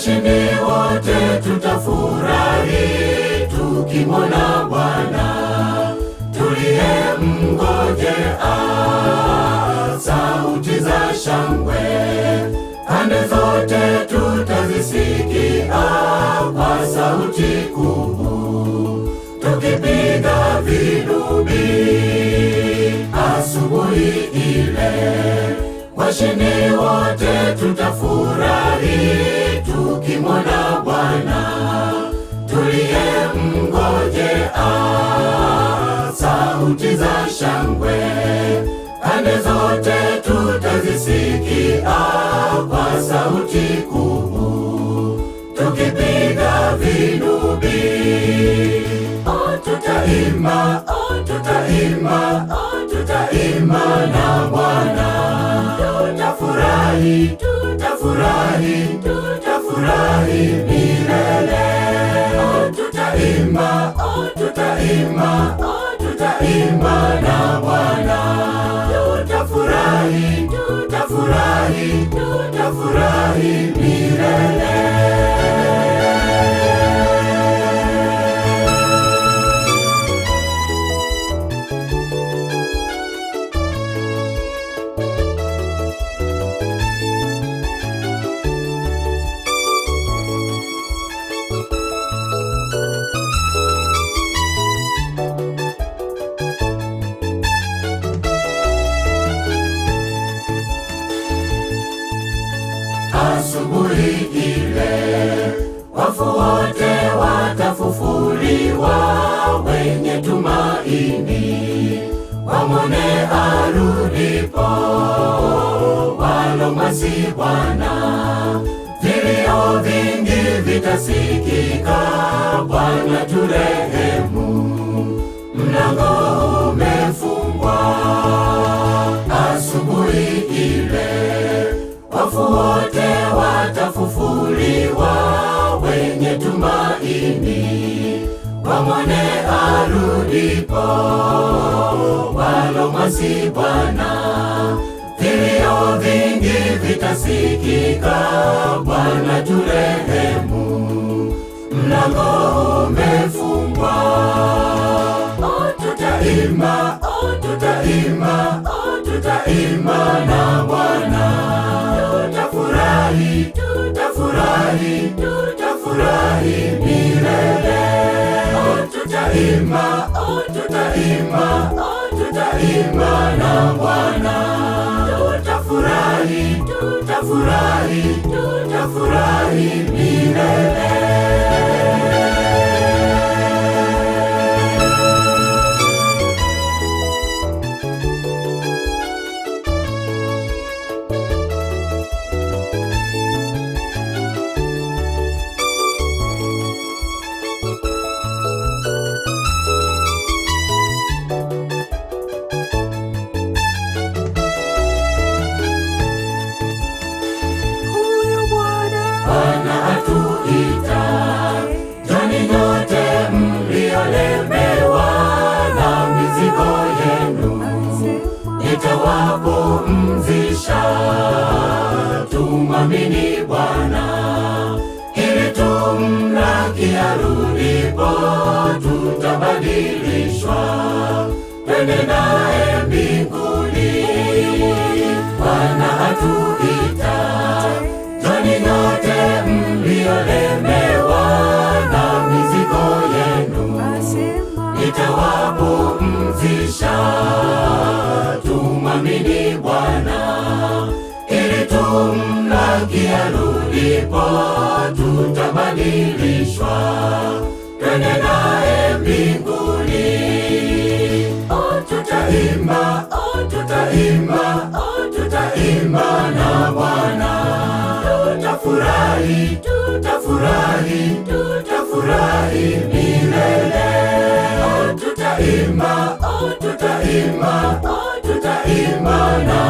washindi wote tutafurahi tukimwona Bwana a ah, Sauti za shangwe pande zote tutazisikia, ah, kwa sauti kubu tukipiga vinubi asubuhi ile, washindi wote tutafurahi mwana Bwana tuliye a ah, sauti za shangwe pande zote tutazisikia, ah, kwa sauti kuu tukipiga vinubi. O, oh, tutaimba, o, oh, tutaimba, o, oh, tutaimba na Tutaimba, oh, tutaimba, oh, tutaimba na Bwana, tutafurahi asubuhi ile, wafu wote watafufuliwa, wenye tumaini wamone arudipo. walomasi Bwana, vilio vingi vitasikika. Bwana turehemu. mlango ndipo walomwasi Bwana, vilio vingi vitasikika. Bwana turehemu, mlango umefungwa. O tutaima, o tutaima, o tutaima na Bwana, tutafurahi, tutafurahi kuimba na Bwana, tutafurahi tutafurahi tutafurahi unapopumzisha, tumwamini Bwana ili tumlaki, arudipo tutabadilishwa, twende naye mbinguni. Bwana hatuita, joni yote mliolemewa na mizigo yenu, nitawapumzisha. ndipo tutabadilishwa twende naye mbinguni. O, tutaimba o, tutaimba o, tutaimba na Bwana, tutafurahi tutafurahi tutafurahi milele. O, tutaimba o, tutaimba o, tutaimba na